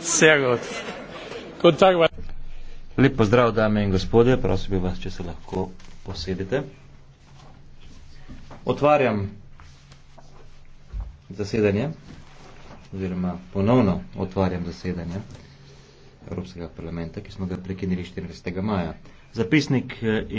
Sehr gut. Guten Tag. Lep pozdrav, dame in gospode. Prosim bi vas, če se lahko posedite. Otvarjam zasedanje, oziroma ponovno otvarjam zasedanje Evropskega parlamenta, ki smo ga prekinili 14. maja. Zapisnik in eh,